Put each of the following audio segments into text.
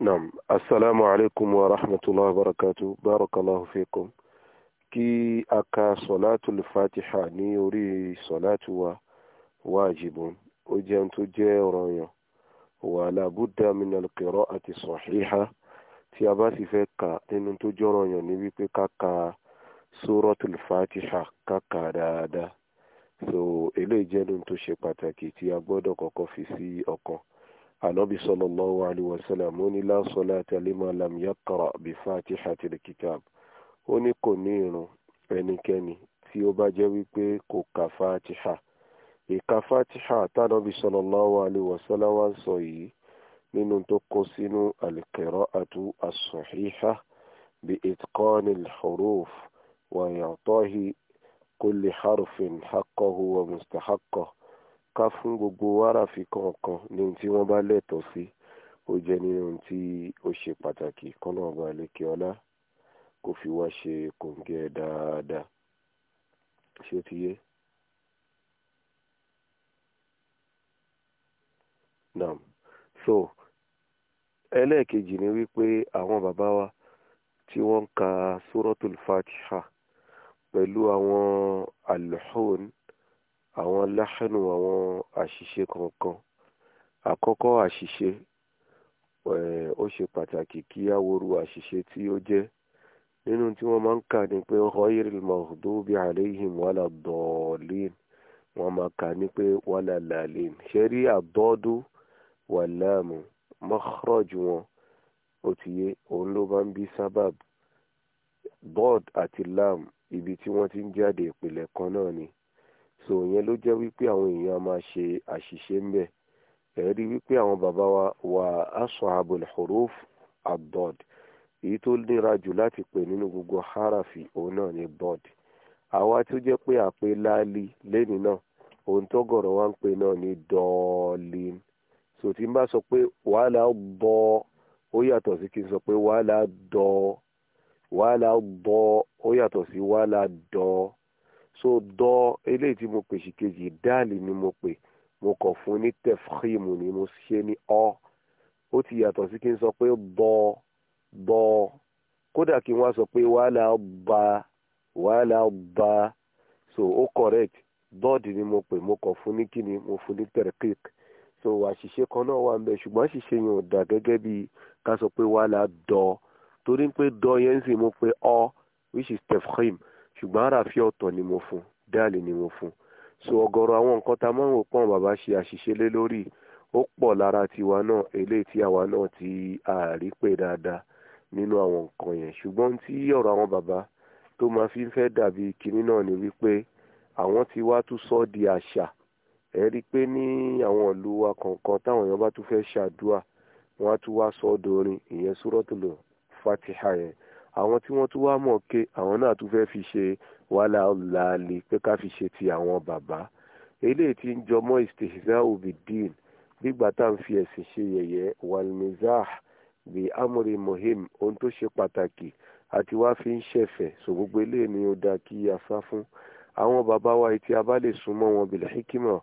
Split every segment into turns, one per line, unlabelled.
نعم السلام عليكم ورحمة الله وبركاته بارك الله فيكم kí a ka sọ̀látù fatiha ní orí sọ̀látù wa wájibun ó jẹ́ tó jẹ́ ọ̀ranyàn wa la budda min al-qira'ati sahiha tí a bá sì fẹ́ kà nínú tó jẹ́ ọ̀ranyàn ní wípé ká ka suratul fatiha ká kà dáadáa so eléyìí jẹ́ nínú tó ṣe pàtàkì tí a gbọ́dọ̀ kọ́kọ́ fi sí ọkàn anabi sallallahu alayhi wa sallam ó ní la salata liman lam yaqra bi fatihatil kitab ó ní kò ní ìrun ẹnikẹ́ni tí ó bá jẹ́ wípé kò kà fatiha ìka fatiha tánàbí sallallahu alayhi wa sallam wá ń sọ yìí nínú tó kó sínú al-qira'atu as bi itqani al-huruf wa i'tahi kulli harfin haqqahu wa mustahaqqahu ká fún gbogbo wáráfì kọ̀ọ̀kan ní ohun tí wọ́n bá lẹ́tọ̀ọ́ sí ó jẹ́ nínú ohun tí ó ṣe pàtàkì kọ́nà ọba àlékè ọlá kó fi wá ṣe kòǹgẹ́ dáadáa ṣé ó ti yé. nam so ẹlẹ́ẹ̀kejì ni wípé àwọn bàbá wa tí wọ́n ń ka suratul fatiha pẹ̀lú àwọn alhon àwọn láhánù àwọn àṣìṣe kọ̀ọ̀kan àkọ́kọ́ àṣìṣe ó ṣe pàtàkì kí a woru àṣìṣe tí ó jẹ́ nínú tí wọ́n máa ń kà ní pé ghayril maghdubi alayhim wala ddallin wọ́n máa kà ní pé wala lalin ṣe rí àdọ́dú wàlámù mọ́kọ́rọ́jù wọn ó ti yé òun ló máa ń bí sábàb bọ́ọ̀d àti lam ibi tí wọ́n ti ń jáde ìpìlẹ̀ kan náà ni so ìyẹn ló jẹ́ wípé àwọn èèyàn máa ṣe àṣìṣe ń bẹ̀ ẹ̀rí wípé àwọn bàbá wa wà ashabul huruf ad-dad èyí tó nira jù láti pè nínú gbogbo harafi òun náà ni dad àwa tó jẹ́ pé àpè láàlì lẹ́ni náà ohun tó gọ̀rọ̀ wá ń pè náà ni dọ́ọ̀lì so tí n bá sọ pé wàhálà bọ́ ó yàtọ̀ sí kí n sọ pé wàhálà dọ́ wàhálà bọ́ ó yàtọ̀ sí wàhálà dọ́ọ̀ so dọ́ eléyìí tí mo pè sí kejì dáàlì ni mo pè mo kọ̀ fún ní tefhimu ni mo ṣe ní ọ́ ó ti yàtọ̀ sí kí n sọ pé bọ́ bọ́ kódà kí n wá sọ pé wàhálà ba wàhálà ba so ó correct bọ́ọ̀dì ni mo pè mo kọ̀ fún ní kíni mo fún ní tẹ̀rẹ̀kìk so àṣìṣe kan náà wà ń bẹ ṣùgbọ́n àṣìṣe yẹn ò dà gẹ́gẹ́ bí ká sọ pé wàhálà dọ́ torí pé dọ́ yẹn ń sìn mo pé ọ́ which is tefhim ṣùgbọ́n àràfíà ọ̀tọ̀ ni mo fún dáàlì ni mo fún so ọ̀gọ̀rọ̀ àwọn nǹkan tá a máa ń wò pọ́n bàbá ṣe àṣìṣe lé lórí ó pọ̀ lára tiwa náà eléyìí tí àwa náà ti àárí pé dáadáa nínú àwọn nǹkan yẹn ṣùgbọ́n tí ọ̀rọ̀ àwọn bàbá tó máa fi ń fẹ́ dàbí kinní náà ni wípé àwọn ti wá tún sọ di àṣà ẹ rí i pé ní àwọn ìlú wa kọ̀ọ̀kan táwọn èèyàn bá tún fẹ́ ṣàdúà wọ́n á tún wá sọ dorin ìyẹn súrọ́tùlù fatiha yẹn àwọn tí wọ́n tún wá mọ̀ ké àwọn náà tún fẹ́ẹ́ fi ṣe wàhálà ọ̀làlẹ̀ pé ká fi ṣe ti àwọn bàbá eléyìí tí ń jọmọ́ istihza ubidin gbígbà tá à ń fi ẹ̀sìn ṣe yẹ̀yẹ́ walmizah bi amri muhim ohun tó ṣe pàtàkì àti wá fi ń ṣẹ̀fẹ̀ sọ gbogbo eléyìí ni ó dáa kí a sá fún àwọn bàbá wa tí a bá lè súnmọ́ wọn bil hikima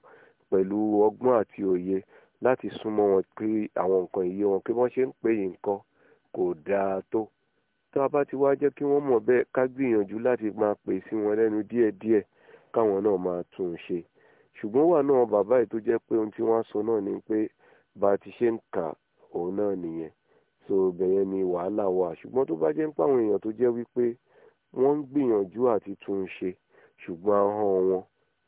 pẹ̀lú ọgbọ́n àti òye láti súnmọ́ wọn pé àwọn nǹkan ìyé wọn pé wọ́n ṣe ń pè yín nǹkan kò dáa tó tá a bá ti wá jẹ́ kí wọ́n mọ̀ bẹ́ẹ̀ ká gbìyànjú láti máa pè sí wọn lẹ́nu díẹ̀díẹ̀ káwọn náà máa tún un ṣe ṣùgbọ́n wà náà bàbá yìí tó jẹ́ pé ohun tí wọ́n sọ náà ni pé bá a ti ṣe ń kà òun náà nìyẹn so bẹ̀yẹn ni wàhálà wà ṣùgbọ́n tó bá jẹ́ pé àwọn èèyàn tó jẹ́ wípé wọ́n ń gbìyànjú àti tún un ṣe ṣùgbọ́n ahọ́n wọn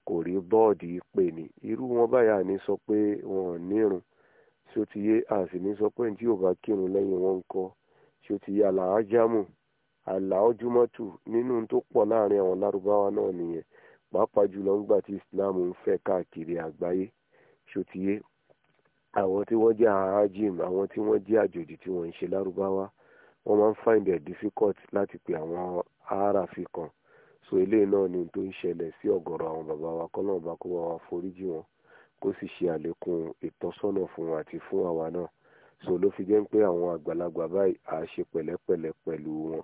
kò rí bọ́ọ̀dì pè ní irú wọn báyà ní sọ pé wọn ò nírun tí ó ti yé àsì sọ pé ní tí ò bá kírun lẹ́yìn wọn ń kọ́ ṣòtì àlàájámù àlàójúmọ́tù nínú tó pọ̀ láàrin àwọn lárúbáwá náà nìyẹn pàápàá jùlọ ńgbà tí islam ń fẹ́ káàkiri àgbáyé ṣòtìyé àwọn tí wọ́n jẹ́ ahajim àwọn tí wọ́n jẹ́ àjòjì tí wọ́n ń ṣe lárúbáwá wọ́n máa ń find it difficult láti pe àwọn aráàfi kan so eléyìí náà ni tó ń ṣẹlẹ̀ sí ọ̀gọ̀rọ̀ àwọn bàbá wa kọ́ náà bá kó wa foríjì wọn kó sì ṣe àlékún ìtọ́sọ́nà fún wọn àti fún àwa náà so ló fi jẹ́ pé àwọn àgbàlagbà báyìí à ṣe pẹ̀lẹ́pẹ̀lẹ́ pẹ̀lú wọn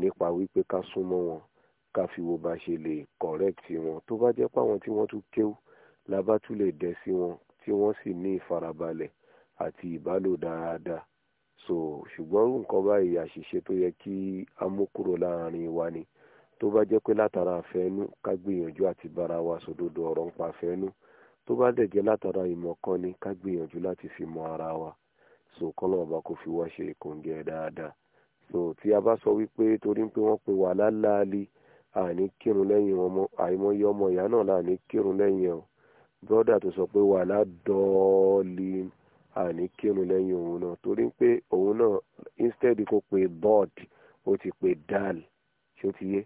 nípa wípé ká súnmọ́ wọn ká fi wo bá ṣe lè correct wọn tó bá jẹ́ pé àwọn tí wọ́n tún kéwú la bá tún lè dẹ̀ sí wọn tí wọ́n sì ní ìfarabalẹ̀ àti ìbálò dáadáa so ṣùgbọ́n nǹkan báyìí àṣìṣe tó yẹ kí a mú kúrò láàrin wa ni tó bá jẹ́ pé látara àfẹ́nú ká gbìyànjú àti bára wa sòdodo ọ̀rọ̀ ń pa àfẹ́nú tó bá dẹ̀ jẹ́ látara ìmọ̀ kan ni ká gbìyànjú láti fi mọ ara wa so kọ́lọ́ ọba kò fi wá ṣe ìkòǹgẹ́ dáadáa so tí a bá sọ wípé torí pé wọ́n pe wà láláàlì àní kírun lẹ́yìn ọmọ àìmọye ọmọ ìyá náà láàní kírun lẹ́yìn ọ bọ́dà tó sọ pé wà ládọ́ọ̀lì àní kírun lẹ́yìn òun náà torí pé òun náà instead kò pe board ó ti pe dal ṣé ó ti yé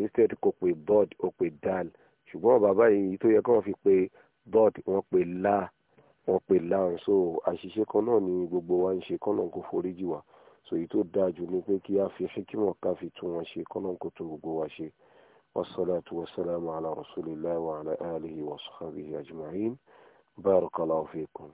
instead kò pe board ó pe dal ṣùgbọ́n bàbá yìí tó yẹ kí wọ́n fi pe board wọ́n pe láà wọ́n pè láàn so àṣìṣe kan náà ni gbogbo wa ń ṣe kọ́nà kó foríjì wa so èyí tó dáa jù ni pé kí a fi hikima ká fi tún wọn ṣe kọ́nà kó tún gbogbo wa ṣe wasalaatu wasalaamu ala rasulillah wa ala alihi wa sahbihi ajma'in barakallahu fiikum.